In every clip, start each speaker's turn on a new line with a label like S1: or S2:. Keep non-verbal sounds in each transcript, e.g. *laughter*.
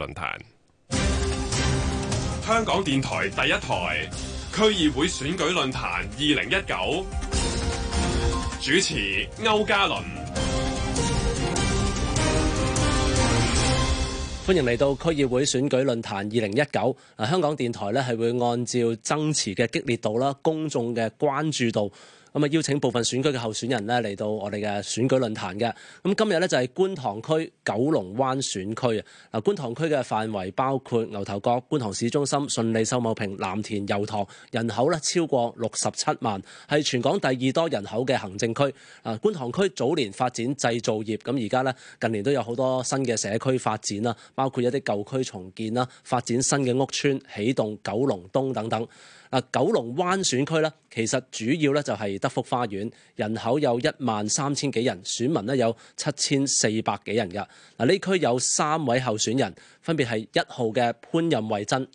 S1: 論壇，香港電台第一台區議會選舉論壇二零一九，主持歐嘉倫，
S2: 歡迎嚟到區議會選舉論壇二零一九。啊，香港電台呢係會按照爭持嘅激烈度啦，公眾嘅關注度。咁啊，邀請部分選區嘅候選人咧嚟到我哋嘅選舉論壇嘅。咁今日咧就係觀塘區九龍灣選區啊。嗱，觀塘區嘅範圍包括牛頭角、觀塘市中心、順利、秀茂坪、藍田、油塘，人口咧超過六十七萬，係全港第二多人口嘅行政區啊，觀塘區早年發展製造業，咁而家咧近年都有好多新嘅社區發展啦，包括一啲舊區重建啦，發展新嘅屋邨、起動九龍東等等。啊，九龍灣選區咧，其實主要咧就係。德福花園人口有一萬三千幾人，選民咧有七千四百幾人噶。嗱，呢區有三位候選人，分別係一號嘅潘任慧珍。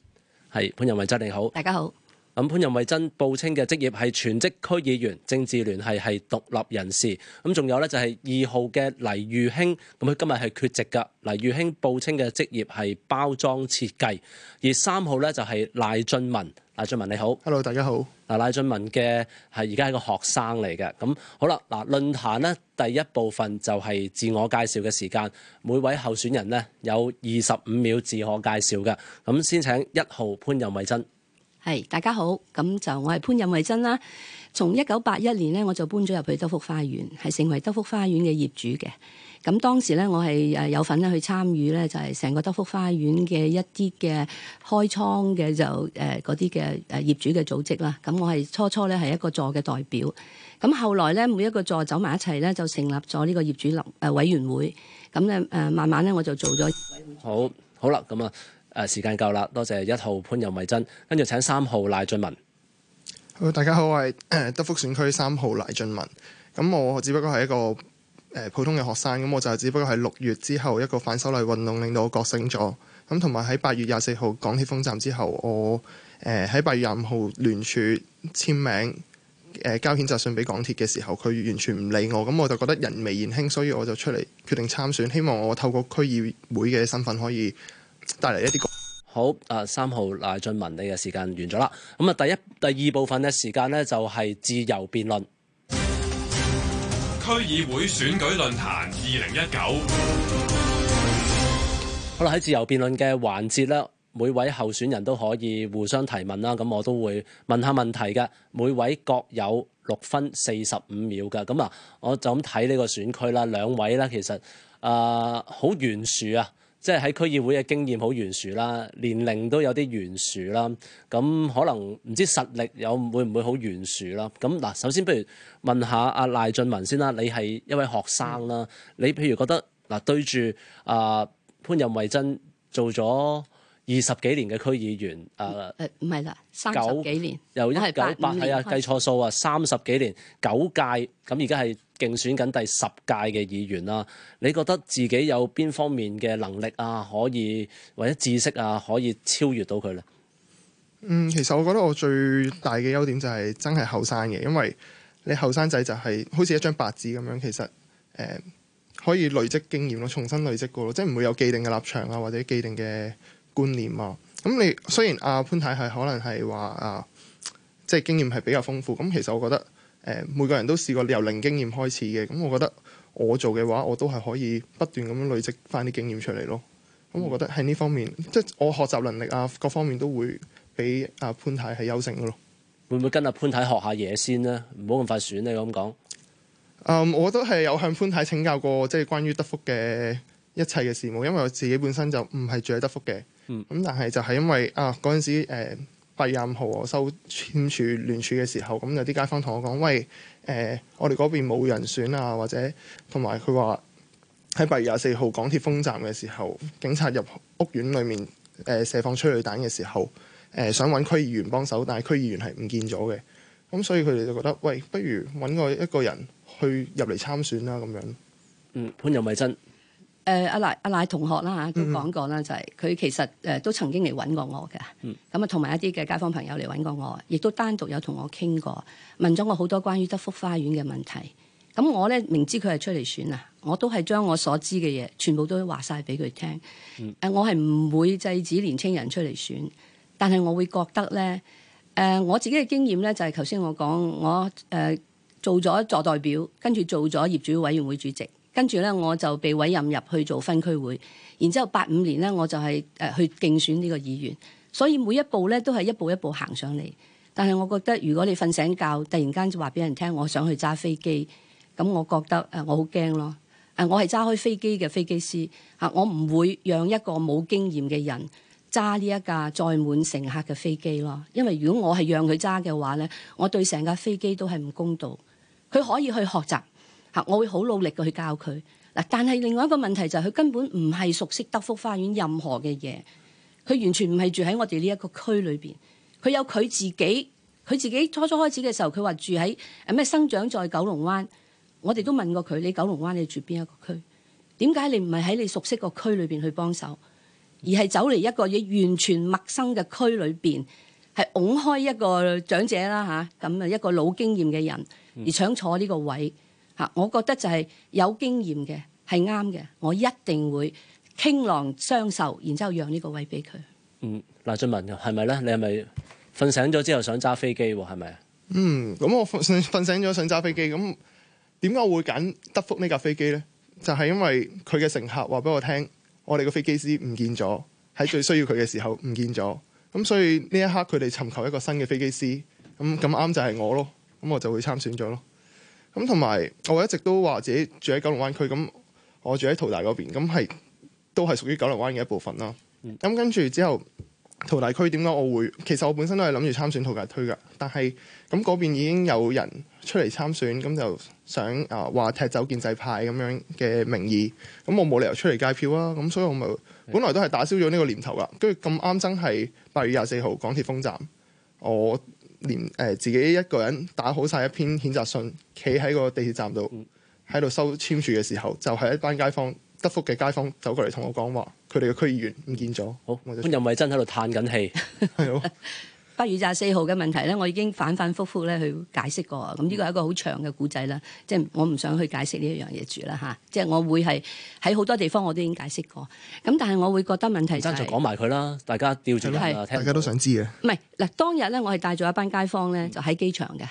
S2: 係潘任慧珍，你好，大家好。咁潘任惠珍報稱嘅職業係全職區議員，政治聯繫係獨立人士。咁仲有咧就係二號嘅黎裕興，咁佢今日係缺席噶。黎裕興報稱嘅職業係包裝設計，而三號咧就係賴俊文。賴俊文你好，Hello 大家好。嗱，賴俊文嘅係而家係個學生嚟嘅。咁好啦，嗱，論壇咧第一部分就係自我介紹嘅時間，每位候選人咧有二十五秒自我介紹嘅。咁先請一號潘任惠珍。
S3: 係、hey，大家好，咁就我係潘任惠珍啦。從一九八一年咧，我就搬咗入去德福花園，係成為德福花園嘅業主嘅。咁當時咧，我係誒有份咧去參與咧，就係成個德福花園嘅一啲嘅開倉嘅就誒嗰啲嘅誒業主嘅組織啦。咁我係初初咧係一個座嘅代表。咁後來咧，每一個座走埋一齊咧，就成立咗呢個業主立誒委員會。咁咧誒，慢慢咧我就做咗。
S2: 好，好啦，咁啊。誒時間夠啦，多謝一號潘任偉真，跟住請三號賴俊文。
S1: 大家好，我係德福選區三號賴俊文。咁我只不過係一個普通嘅學生，咁我就只不過係六月之後一個反修例運動令到我覺醒咗。咁同埋喺八月廿四號港鐵封站之後，我誒喺八月廿五號聯署簽名誒交譴責信俾港鐵嘅時候，佢完全唔理我，咁我就覺得人微言輕，所以我就出嚟決定參選，希望我透過區議會嘅身份可以。
S2: 帶嚟一啲好啊！呃，三號賴俊文，你嘅時間完咗啦。咁啊，第一、第二部分嘅時間咧就係、是、自由辯論。區議會
S1: 選舉論壇二零一九。
S2: 好啦，喺自由辯論嘅環節咧，每位候選人都可以互相提問啦。咁我都會問下問題嘅，每位各有六分四十五秒㗎。咁啊，我就咁睇呢個選區啦，兩位呢，其實啊，呃，好懸殊啊！即係喺區議會嘅經驗好懸殊啦，年齡都有啲懸殊啦，咁可能唔知實力有會唔會好懸殊啦。咁嗱，首先不如問，問下阿賴俊文先啦，你係一位學生啦，嗯、你譬如覺得嗱對住阿、呃、潘任惠珍做咗二十幾年嘅區議員，誒誒，
S3: 唔係啦，三十幾年，
S2: 由一九八係啊，計錯數啊，三十幾年，九屆咁，而家係競選緊第十屆嘅議員啦。你覺得自己有邊方面嘅能力啊，可以或者知識啊，可以超越到佢咧？嗯，
S1: 其實我覺得我最大嘅優點就係真係後生嘅，因為你後生仔就係好似一張白紙咁樣。其實誒、呃、可以累積經驗咯，重新累積過咯，即係唔會有既定嘅立場啊，或者既定嘅。觀念啊，咁你雖然阿潘太係可能係話啊，即係經驗係比較豐富，咁其實我覺得誒、呃、每個人都試過由零經驗開始嘅，咁我覺得我做嘅話，我都係可以不斷咁樣累積返啲經驗出嚟咯。咁我覺得喺呢方面，即係我學習能力啊，各方面都會比阿潘太係優勝嘅咯。
S2: 會唔會跟阿潘太，太學下嘢先咧？唔好咁快選咧，咁講。
S1: 誒、嗯，我都得係有向潘太，太請教過，即、就、係、是、關於德福嘅一切嘅事務，因為我自己本身就唔係住喺德福嘅。嗯，咁但係就係因為啊，嗰陣時誒八月廿五號我收簽署聯署嘅時候，咁有啲街坊同我講，喂誒、呃、我哋嗰邊冇人選啊，或者同埋佢話喺八月廿四號港鐵封站嘅時候，警察入屋苑裏面誒、呃、射放催淚彈嘅時候，誒、呃、想揾區議員幫手，但係區議員係唔見咗嘅，咁所以佢哋就覺得，喂不如揾個一個人去入嚟參選啦咁樣。
S2: 嗯，潘又咪真。
S3: 誒、呃、阿賴阿賴同學啦，嚇，都講過啦。嗯、就係、是、佢其實誒、呃、都曾經嚟揾過我嘅，咁啊同埋一啲嘅街坊朋友嚟揾過我，亦都單獨有同我傾過，問咗我好多關於德福花園嘅問題。咁我咧明知佢係出嚟選啊，我都係將我所知嘅嘢全部都話晒俾佢聽。誒、呃、我係唔會制止年青人出嚟選，但係我會覺得咧，誒、呃、我自己嘅經驗咧就係頭先我講，我誒、呃、做咗座代表，跟住做咗業主委員會主席。跟住咧，我就被委任入去做分區會，然之後八五年咧，我就係誒去競選呢個議員，所以每一步咧都係一步一步行上嚟。但係我覺得，如果你瞓醒覺，突然間就話俾人聽我想去揸飛機，咁我覺得誒我好驚咯。誒，我係揸開飛機嘅飛機師嚇，我唔會讓一個冇經驗嘅人揸呢一架載滿乘客嘅飛機咯。因為如果我係讓佢揸嘅話咧，我對成架飛機都係唔公道。佢可以去學習。嚇！我會好努力嘅去教佢嗱，但係另外一個問題就係，佢根本唔係熟悉德福花園任何嘅嘢，佢完全唔係住喺我哋呢一個區裏邊，佢有佢自己，佢自己初初開始嘅時候，佢話住喺咩生長在九龍灣，我哋都問過佢，你九龍灣你住邊一個區？點解你唔係喺你熟悉個區裏邊去幫手，而係走嚟一個嘢完全陌生嘅區裏邊，係擁開一個長者啦嚇，咁啊一個老經驗嘅人而搶坐呢個位。嚇！我覺得就係有經驗嘅係啱嘅，我一定會傾囊相授，然之後讓呢個位俾佢。嗯，
S2: 嗱，俊文，係咪咧？你係咪瞓醒咗之後想揸飛機喎？係咪？
S1: 嗯，
S2: 咁我瞓醒咗想揸飛機，咁點解我會揀德福呢架
S1: 飛機咧？就係因為佢嘅乘客話俾我聽，我哋個飛機師唔見咗，喺最需要佢嘅時候唔見咗，咁所以呢一刻佢哋尋求一個新嘅飛機師，咁咁啱就係我咯，咁我就會參選咗咯。咁同埋，我一直都話自己住喺九龍灣區，咁我住喺淘大嗰邊，咁係都係屬於九龍灣嘅一部分啦。咁跟住之後，淘大區點解我會？其實我本身都係諗住參選淘大區嘅，但係咁嗰邊已經有人出嚟參選，咁就想啊話、呃、踢走建制派咁樣嘅名義，咁我冇理由出嚟界票啊。咁所以我咪本來都係打消咗呢個念頭噶。跟住咁啱，真係八月廿四號港鐵封站，我。連誒、呃、自己一個人打好晒一篇譴責信，企喺個地鐵站度，喺度收簽署嘅時候，就係、是、一班街坊，德福嘅街坊走過嚟同我講話，佢哋嘅區議員唔見咗。
S2: 好，我又咪真喺度嘆緊氣。係啊。
S3: 八月廿四號嘅問題咧，我已經反反覆覆咧去解釋過。咁呢個係一個好長嘅故仔啦，即係我唔想去解釋呢一樣嘢住啦吓，即係我會係喺好多地方我都已經解釋過。咁但係我會覺得問題就爭在講
S2: 埋佢啦，大家調轉大家都想知嘅。
S3: 唔係嗱，當日咧、嗯，我係帶咗一班街坊咧，就喺機場嘅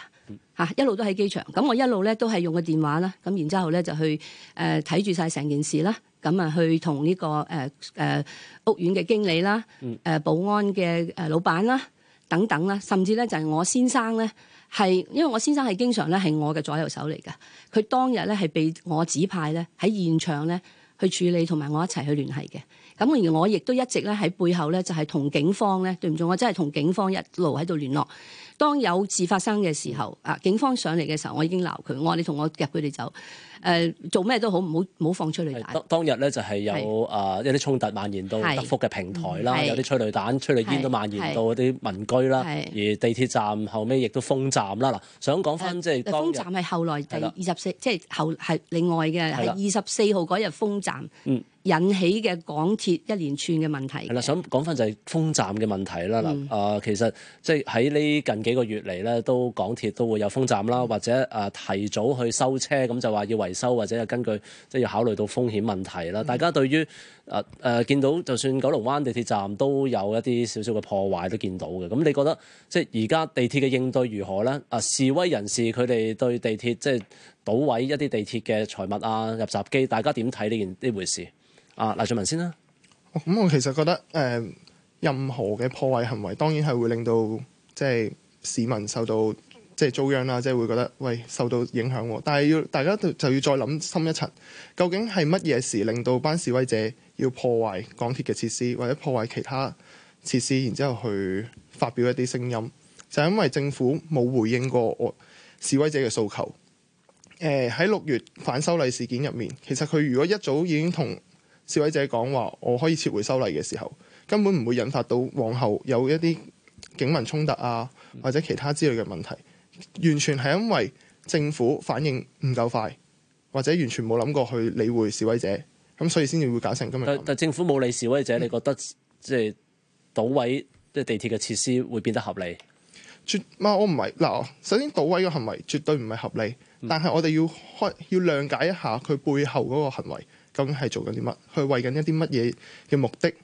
S3: 嚇，一路都喺機場。咁我一路咧都係用個電話啦，咁然之後咧就去誒睇住晒成件事啦。咁啊，去同呢個誒誒屋苑嘅經理啦，誒保安嘅誒老闆啦。等等啦，甚至咧就係我先生咧，係因為我先生係經常咧係我嘅左右手嚟㗎，佢當日咧係被我指派咧喺現場咧去處理，同埋我一齊去聯繫嘅。咁而我亦都一直咧喺背後咧就係同警方咧，對唔住，我真係同警方一路喺度聯絡。當有事發生嘅時候，啊，警方上嚟嘅時候，我已經鬧佢，我話你同我夾佢哋走，誒、呃、做咩都好，唔好唔好放催淚彈。
S2: 是當日咧就係有誒一啲衝突蔓延到德福嘅平台啦，是有啲催淚彈、催淚煙都蔓延到嗰啲民居啦，而地鐵站後尾亦都封站啦。嗱，想講翻即係當日封站係
S3: 後來第二十四，即係後係另外嘅係二十四號嗰日封站。封站嗯。引起嘅港鐵一連串嘅問題係啦，
S2: 想講返就係封站嘅問題啦。嗱、嗯，啊、呃，其實即係喺呢近幾個月嚟咧，都港鐵都會有封站啦，或者啊、呃、提早去收車咁就話要維修，或者係根據即係、就是、要考慮到風險問題啦。大家對於啊誒、呃呃、見到就算九龍灣地鐵站都有一啲少少嘅破壞都見到嘅，咁你覺得即係而家地鐵嘅應對如何咧？啊、呃，示威人士佢哋對地鐵即係搗毀一啲地鐵嘅財物啊、入閘機，大家點睇呢件呢回事？阿黎俊文先啦。
S1: 咁、哦嗯、我其實覺得，誒、呃，任何嘅破壞行為，當然係會令到即係市民受到即係遭殃啦，即係會覺得喂受到影響。但係要大家就就要再諗深一層，究竟係乜嘢事令到班示威者要破壞港鐵嘅設施，或者破壞其他設施，然之後去發表一啲聲音，就係、是、因為政府冇回應過我示威者嘅訴求。誒、呃，喺六月反修例事件入面，其實佢如果一早已經同。示威者講話，我可以撤回修例嘅時候，根本唔會引發到往後有一啲警民衝突啊，或者其他之類嘅問題。完全係因為政府反應唔夠快，或者完全冇諗過去理會示威者，咁所以先至會搞成咁
S2: 樣。但政府冇理示威者，嗯、你覺得即係倒位即係地鐵嘅設施會變得合理？絕嘛！我唔係嗱，
S1: 首先倒位嘅行為絕對唔係合理，但係我哋要開要諒解一下佢背後嗰個行為。究竟係做緊啲乜？去為緊一啲乜嘢嘅目的去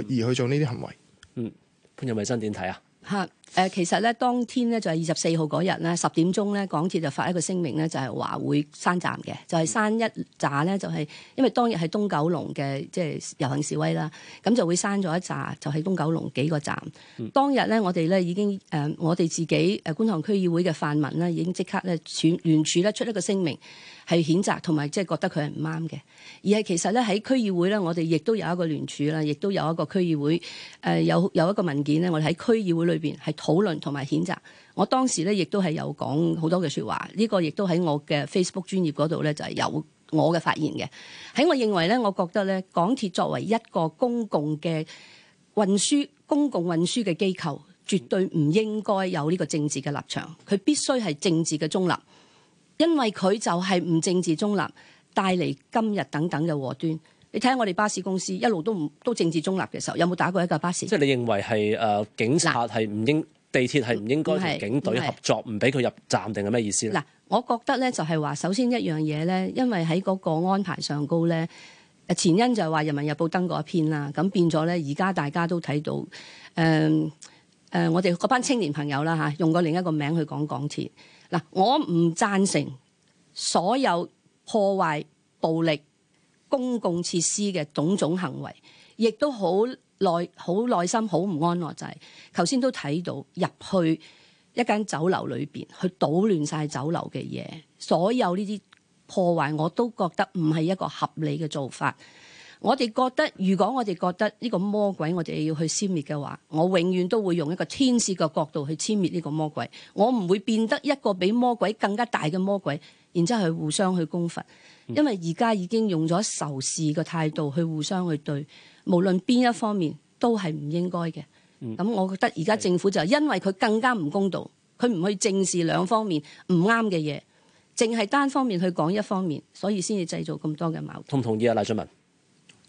S1: 而去做
S2: 呢啲行為？嗯，潘日維真點睇啊？
S3: 係。誒、呃、其實咧，當天咧就係二十四號嗰日咧，十點鐘咧，港鐵就發一個聲明咧，就係話會刪站嘅，就係、是、刪一紮咧，就係、是、因為當日係東九龍嘅即係遊行示威啦，咁就會刪咗一紮，就係、是、東九龍幾個站。嗯、當日咧，我哋咧已經誒、呃，我哋自己誒、呃呃、觀塘區議會嘅泛民呢已經即刻咧聯署咧出一個聲明，係譴責同埋即係覺得佢係唔啱嘅。而係其實咧喺區議會咧，我哋亦都有一個聯署啦，亦都有一個區議會誒、呃、有有，有一個文件咧，我哋喺區議會裏邊係。討論同埋譴責，我當時咧亦都係有講好多嘅説話，呢個亦都喺我嘅 Facebook 專頁嗰度咧就係有我嘅發言嘅。喺我認為咧，我覺得咧，港鐵作為一個公共嘅運輸、公共運輸嘅機構，絕對唔應該有呢個政治嘅立場，佢必須係政治嘅中立，因為佢就係唔政治中立帶嚟今日等等嘅禍端。你睇下我哋巴士公司一路都唔都政治中立嘅時候，有冇打過一架巴
S2: 士？即係你認為係誒、呃、警察係唔應，地鐵係唔應該同警隊合作，唔俾佢入站，定係咩意思？嗱，
S3: 我覺得咧就係、是、話首先一樣嘢咧，因為喺嗰個安排上高咧，前因就係話人民日報登過一篇啦，咁變咗咧而家大家都睇到，誒誒、呃呃、我哋嗰班青年朋友啦吓、啊、用過另一個名去講港鐵嗱，我唔贊成所有破壞暴力。公共設施嘅種種行為亦都好耐、好耐心、好唔安樂，就是，就係頭先都睇到入去一間酒樓裏邊去搗亂晒酒樓嘅嘢，所有呢啲破壞我都覺得唔係一個合理嘅做法。我哋覺得，如果我哋覺得呢個魔鬼，我哋要去消滅嘅話，我永遠都會用一個天使嘅角度去殲滅呢個魔鬼。我唔會變得一個比魔鬼更加大嘅魔鬼。然之後佢互相去攻伐，因為而家已經用咗仇視嘅態度去互相去對，無論邊一方面都係唔應該嘅。咁、嗯、我覺得而家政府就因為佢更加唔公道，佢唔去正視兩方面唔啱嘅嘢，淨係單方面去講一方面，所以先至製造咁多嘅矛盾。
S1: 同唔同意啊，賴俊文？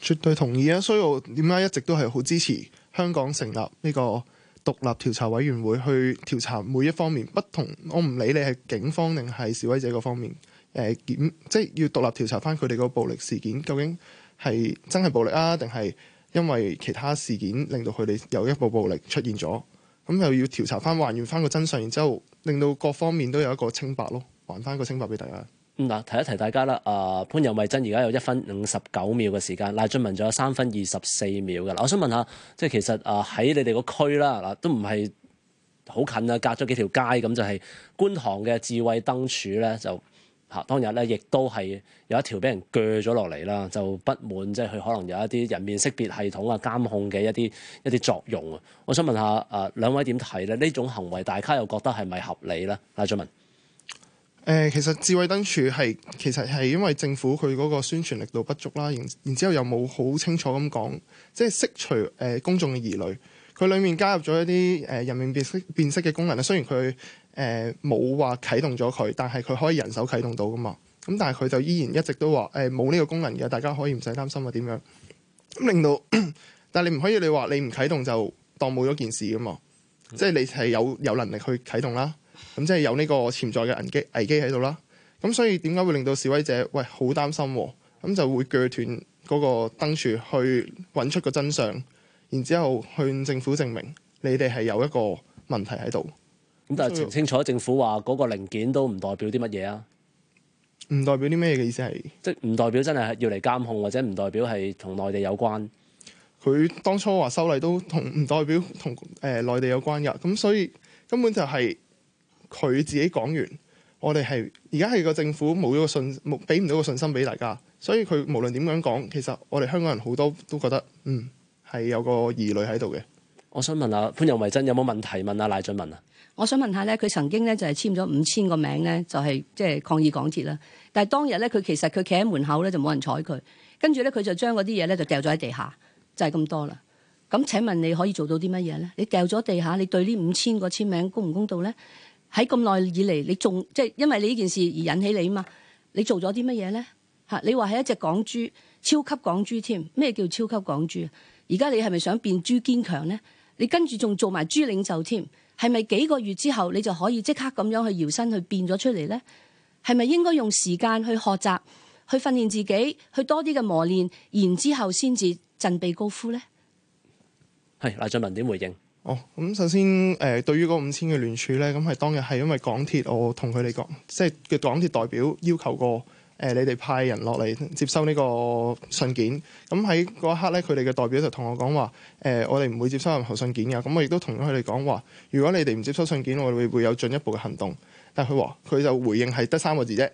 S1: 絕對同意啊！所以我點解一直都係好支持香港成立呢、這個。獨立調查委員會去調查每一方面不同，我唔理你係警方定係示威者嗰方面，誒、呃、檢即係要獨立調查翻佢哋個暴力事件，究竟係真係暴力啊，定係因為其他事件令到佢哋有一部暴力出現咗？咁又要調查翻，還原翻個真相，然之後令到各方面都有一個清白咯，還翻個清白俾大家。
S2: 嗱，提一提大家啦。啊，潘任惠珍而家有一分五十九秒嘅時間，賴俊文仲有三分二十四秒嘅。嗱，我想問下，即係其實啊，喺你哋個區啦，嗱，都唔係好近啊，隔咗幾條街咁就係、是、觀塘嘅智慧燈柱咧，就嚇當日咧，亦都係有一條俾人鋸咗落嚟啦，就不滿即係佢可能有一啲人面識別系統啊、監控嘅一啲一啲作用啊。我想問下啊，兩位點睇咧？呢種行為大家又覺得係咪合理咧？賴俊文。
S1: 誒其實智慧燈柱係其實係因為政府佢嗰個宣傳力度不足啦，然然之後又冇好清楚咁講，即係釋除誒、呃、公眾嘅疑慮。佢裡面加入咗一啲誒、呃、人面辨識辨識嘅功能啦，雖然佢誒冇話啟動咗佢，但係佢可以人手啟動到㗎嘛。咁但係佢就依然一直都話誒冇呢個功能嘅，大家可以唔使擔心啊點樣令到？ *coughs* 但係你唔可以你話你唔啟動就當冇咗件事㗎嘛？即係你係有有能力去啟動啦。咁即係有呢個潛在嘅危機危機喺度啦，咁所以點解會令到示威者喂好擔心啊？咁就會鋸斷嗰個燈柱去搵出個真相，然之後向政府證明你哋係有一個問題喺度。
S2: 咁但係澄清楚以政府話嗰個零件都唔代表啲乜嘢啊？唔代表啲咩嘅意思係？即係唔代表真係要嚟監控，或者唔代表係同內地有關。佢當初話修例
S1: 都同唔代表同誒、呃、內地有關噶，咁所以根本就係、是。佢自己講完，我哋係而家係個政府冇咗個信，冇俾唔到個信心俾大家，所以佢無論點樣講，其實我哋香港人好多都覺得嗯係有個疑慮喺
S2: 度嘅。我想問下潘仁為真有冇問題問阿賴俊文啊？
S3: 我想問下咧，佢曾經咧就係簽咗五千個名咧，就係即係抗議港鐵啦。但係當日咧，佢其實佢企喺門口咧就冇人睬佢，跟住咧佢就將嗰啲嘢咧就掉咗喺地下，就係咁多啦。咁請問你可以做到啲乜嘢咧？你掉咗地下，你對呢五千個簽名公唔公道咧？喺咁耐以嚟，你仲即係因為你呢件事而引起你啊嘛？你做咗啲乜嘢咧？嚇，你話係一隻港豬，超級港豬添。咩叫超級港豬？而家你係咪想變豬堅強咧？你跟住仲做埋豬領袖添？係咪幾個月之後你就可以即刻咁樣去搖身去變咗出嚟咧？係咪應該用時間去學習、去訓練自己、去多啲嘅磨練，然之後先至振臂高呼咧？
S2: 係，賴俊文點回應？
S1: 哦，咁首先誒、呃，對於嗰五千嘅聯署咧，咁係當日係因為港鐵，我同佢哋講，即係嘅港鐵代表要求過誒、呃，你哋派人落嚟接收呢個信件。咁喺嗰一刻咧，佢哋嘅代表就同我講話誒，我哋唔會接收任何信件㗎。咁我亦都同佢哋講話，如果你哋唔接收信件，我哋會有進一步嘅行動。但係佢話佢就回應係得三個字啫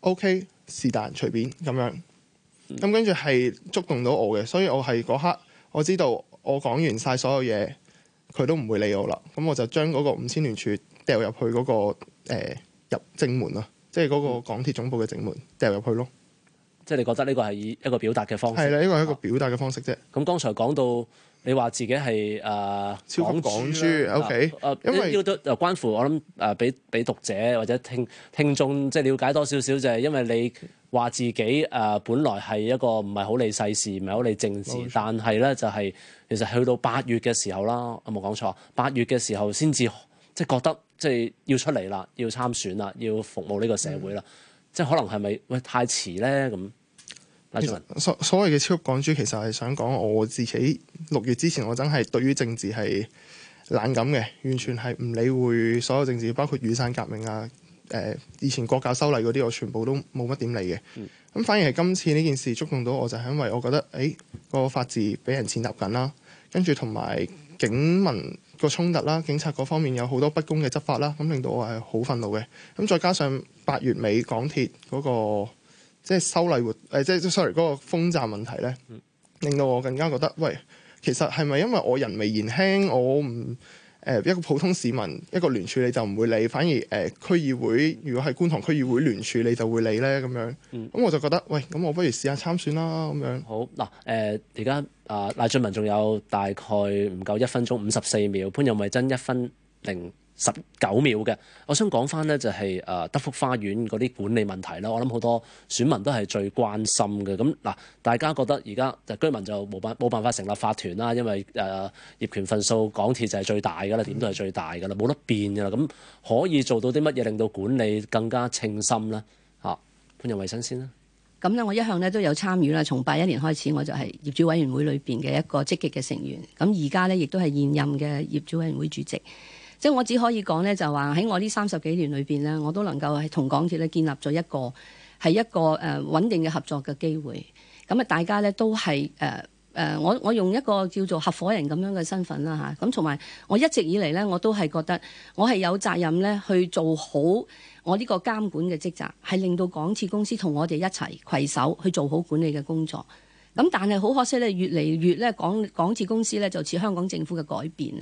S1: ，OK 是但隨便咁樣。咁跟住係觸動到我嘅，所以我係嗰刻我知道我講完晒所有嘢。佢都唔會理我啦，咁我就將嗰個五千聯署掉入去嗰、那個、呃、入正門啦，即係嗰個港鐵總部嘅正門掉入去咯。
S2: 即係你覺得呢個係以一個表達嘅方式？係啦，呢個係一個表達嘅方式啫。咁、啊、剛才講到你話自己係誒超港珠主主、啊、OK，因為要、啊這個、都又關乎我諗誒，俾、啊、俾讀者或者聽聽眾即係、就是、了解多少少就係因為你。話自己誒，本來係一個唔係好理世事，唔係好理政治，錯但係咧就係、是、其實去到八月嘅時候啦，我冇講錯，八月嘅時候先至即係覺得即係要出嚟啦，要參選啦，要服務呢個社會啦，嗯、即係可能係咪喂太遲咧咁？所
S1: 所謂嘅超級港豬，其實係想講我自己六月之前我真係對於政治係冷感嘅，完全係唔理會所有政治，包括雨傘革命啊。誒以前國教修例嗰啲，我全部都冇乜點理嘅。咁、嗯、反而係今次呢件事觸動到我，就係、是、因為我覺得，誒、欸那個法治俾人踐踏緊啦，跟住同埋警民個衝突啦，警察嗰方面有好多不公嘅執法啦，咁、嗯嗯、令到我係好憤怒嘅。咁再加上八月尾港鐵嗰、那個即係、就是、修例活，誒即係 sorry 嗰個封站問題咧，嗯、令到我更加覺得，喂，其實係咪因為我人微言輕，我唔？誒一個普通市民一個聯署你就唔會理，反而誒、呃、區議會如果係觀塘區議會聯署你就會理咧，咁樣，咁、嗯、我就覺得喂，咁我不如
S2: 試下參選啦咁樣。好嗱，誒而家啊賴俊文仲有大概唔夠一分鐘五十四秒，潘任惠珍一分零十九秒嘅，我想講翻呢，就係誒德福花園嗰啲管理問題啦。我諗好多選民都係最關心嘅。咁嗱，大家覺得而家居民就冇辦冇辦法成立法團啦，因為誒、呃、業權份數港鐵就係最大噶啦，點都係最大噶啦，冇得變噶啦。咁可以做到啲乜嘢令到管理更加清心呢？嚇、啊，潘仁衞生先啦。
S3: 咁呢，我一向呢都有參與啦。從八一年開始，我就係業主委員會裏邊嘅一個積極嘅成員。咁而家呢，亦都係現任嘅業主委員會主席。即係我只可以講咧，就話喺我呢三十幾年裏邊咧，我都能夠係同港鐵咧建立咗一個係一個誒穩定嘅合作嘅機會。咁啊，大家咧都係誒誒，我我用一個叫做合夥人咁樣嘅身份啦嚇。咁同埋我一直以嚟咧，我都係覺得我係有責任咧去做好我呢個監管嘅職責，係令到港鐵公司同我哋一齊攜手去做好管理嘅工作。咁但係好可惜咧，越嚟越咧，港港鐵公司咧就似香港政府嘅改變，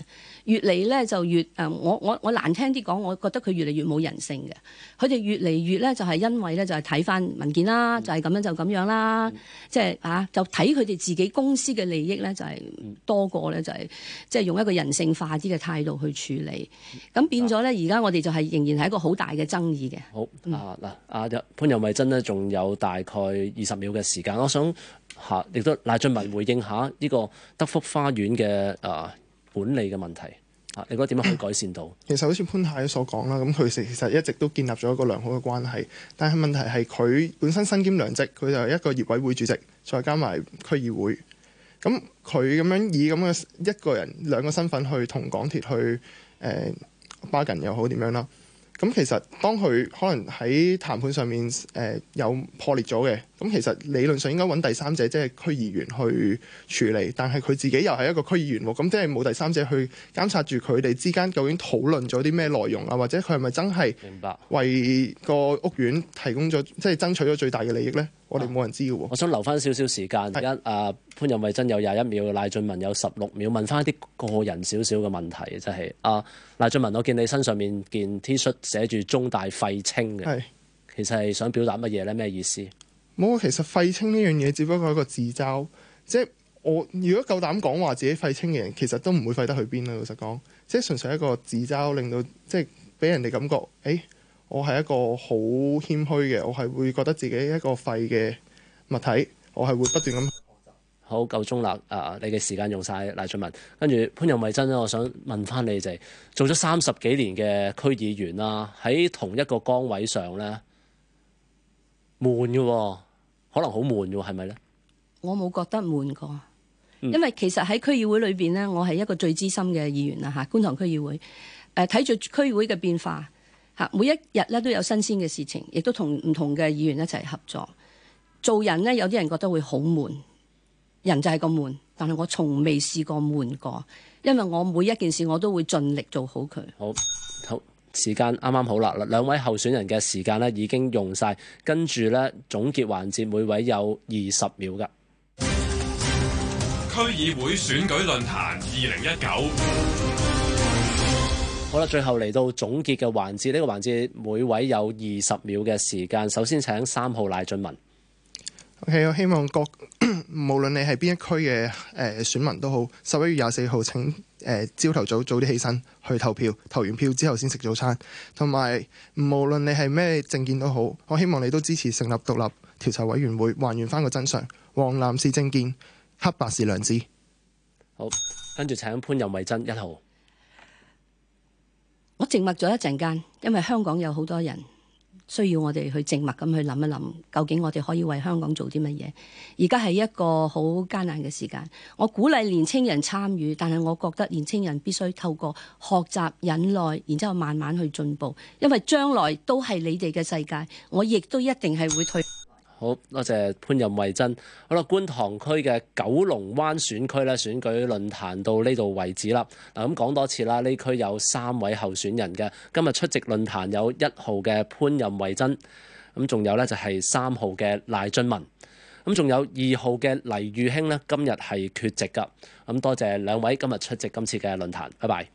S3: 越嚟咧就越誒、呃。我我我難聽啲講，我覺得佢越嚟越冇人性嘅。佢哋越嚟越咧就係因為咧就係睇翻文件啦，就係咁樣就咁樣啦，即係啊就睇佢哋自己公司嘅利益咧就係多過咧就係即係用一個人性化啲嘅態度去處理。咁、嗯、變咗咧，而家我哋就係仍然係一個好大嘅爭議嘅。嗯、好啊嗱，
S2: 阿潘又米真呢，仲有大概二十秒嘅時間，我想。嚇，亦、啊、都賴俊文回應下呢個德福花園嘅誒管理嘅問題嚇、啊，你覺得點樣去改善到？
S1: 其實好似潘太所講啦，咁佢其實一直都建立咗一個良好嘅關係，但係問題係佢本身身兼兩職，佢就係一個業委會主席，再加埋區議會，咁佢咁樣以咁嘅一個人兩個身份去同港鐵去誒、呃、bargain 又好點樣啦。咁其實當佢可能喺談判上面誒有、呃、破裂咗嘅，咁其實理論上應該揾第三者即係區議員去處理，但係佢自己又係一個區議員喎，咁即係冇第三者去監察住佢哋之間究竟討論咗啲咩內容啊，或者佢係咪真係
S2: 為個屋苑提供咗即係爭取咗最大嘅利益咧？啊、我哋冇人知喎。我想留翻少少時間，而家是啊潘任惠珍有廿一秒，賴俊文有十六秒，問翻啲個人少少嘅問題，就係、是、啊賴俊文，我見你身上面件 T 恤寫住中大廢青嘅，是其實係想表達乜嘢呢？咩意思？
S1: 冇，其實廢青呢樣嘢只不過係一個自嘲。即係我如果夠膽講話自己廢青嘅人，其實都唔會廢得去邊啊！老實講，即係純粹係一個自嘲，令到即係俾人哋感覺誒。欸我係一個好謙虛嘅，我係會覺得自己一個廢嘅物體，
S2: 我係會不斷咁學習。好，夠鐘啦，啊、呃，你嘅時間用晒。賴俊文，跟住潘任惠珍咧，我想問翻你就係做咗三十幾年嘅區議員啦，喺同一個崗位上咧悶嘅，可能好悶嘅，係咪咧？
S3: 我冇覺得悶過，嗯、因為其實喺區議會裏邊咧，我係一個最資深嘅議員啦嚇，觀塘區議會誒睇住區議會嘅變化。每一日咧都有新鮮嘅事情，亦都同唔同嘅議員一齊合作。做人咧，有啲人覺得會好悶，人就係個悶。但係我從未試過悶過，因為我每一件事我都會盡力做好佢。好，
S2: 好，時間啱啱好啦。兩位候選人嘅時間咧已經用晒。跟住呢總結環節，每位有二十秒噶。
S1: 區議會選舉論壇二零一
S2: 九。好啦，最後嚟到總結嘅環節，呢、這個環節每位有二十秒嘅時間。首先請三號賴俊文。
S1: Okay, 我希望各， *coughs* 無論你係邊一區嘅誒選民都好，十一月廿四號，請誒朝頭早早啲起身去投票，投完票之後先食早餐。同埋，無論你係咩政見都好，我希望你都支持成立獨立調查委員會，還原翻個真相。黃藍是政見，黑白是良知。
S2: 好，跟住請潘任惠珍。一號。
S3: 我靜默咗一陣間，因為香港有好多人需要我哋去靜默咁去諗一諗，究竟我哋可以為香港做啲乜嘢？而家係一個好艱難嘅時間。我鼓勵年青人參與，但係我覺得年青人必須透過學習忍耐，然之後慢慢去進步，因為將來都係你哋嘅世界。我亦都一定係會退。
S2: 好多謝潘任惠珍。好啦，觀塘區嘅九龍灣選區咧，選舉論壇到呢度為止啦。嗱，咁講多次啦，呢區有三位候選人嘅。今日出席論壇有一號嘅潘任惠珍，咁仲有咧就係三號嘅賴俊文，咁仲有二號嘅黎裕興呢，今日係缺席㗎。咁多謝兩位今日出席今次嘅論壇，拜拜。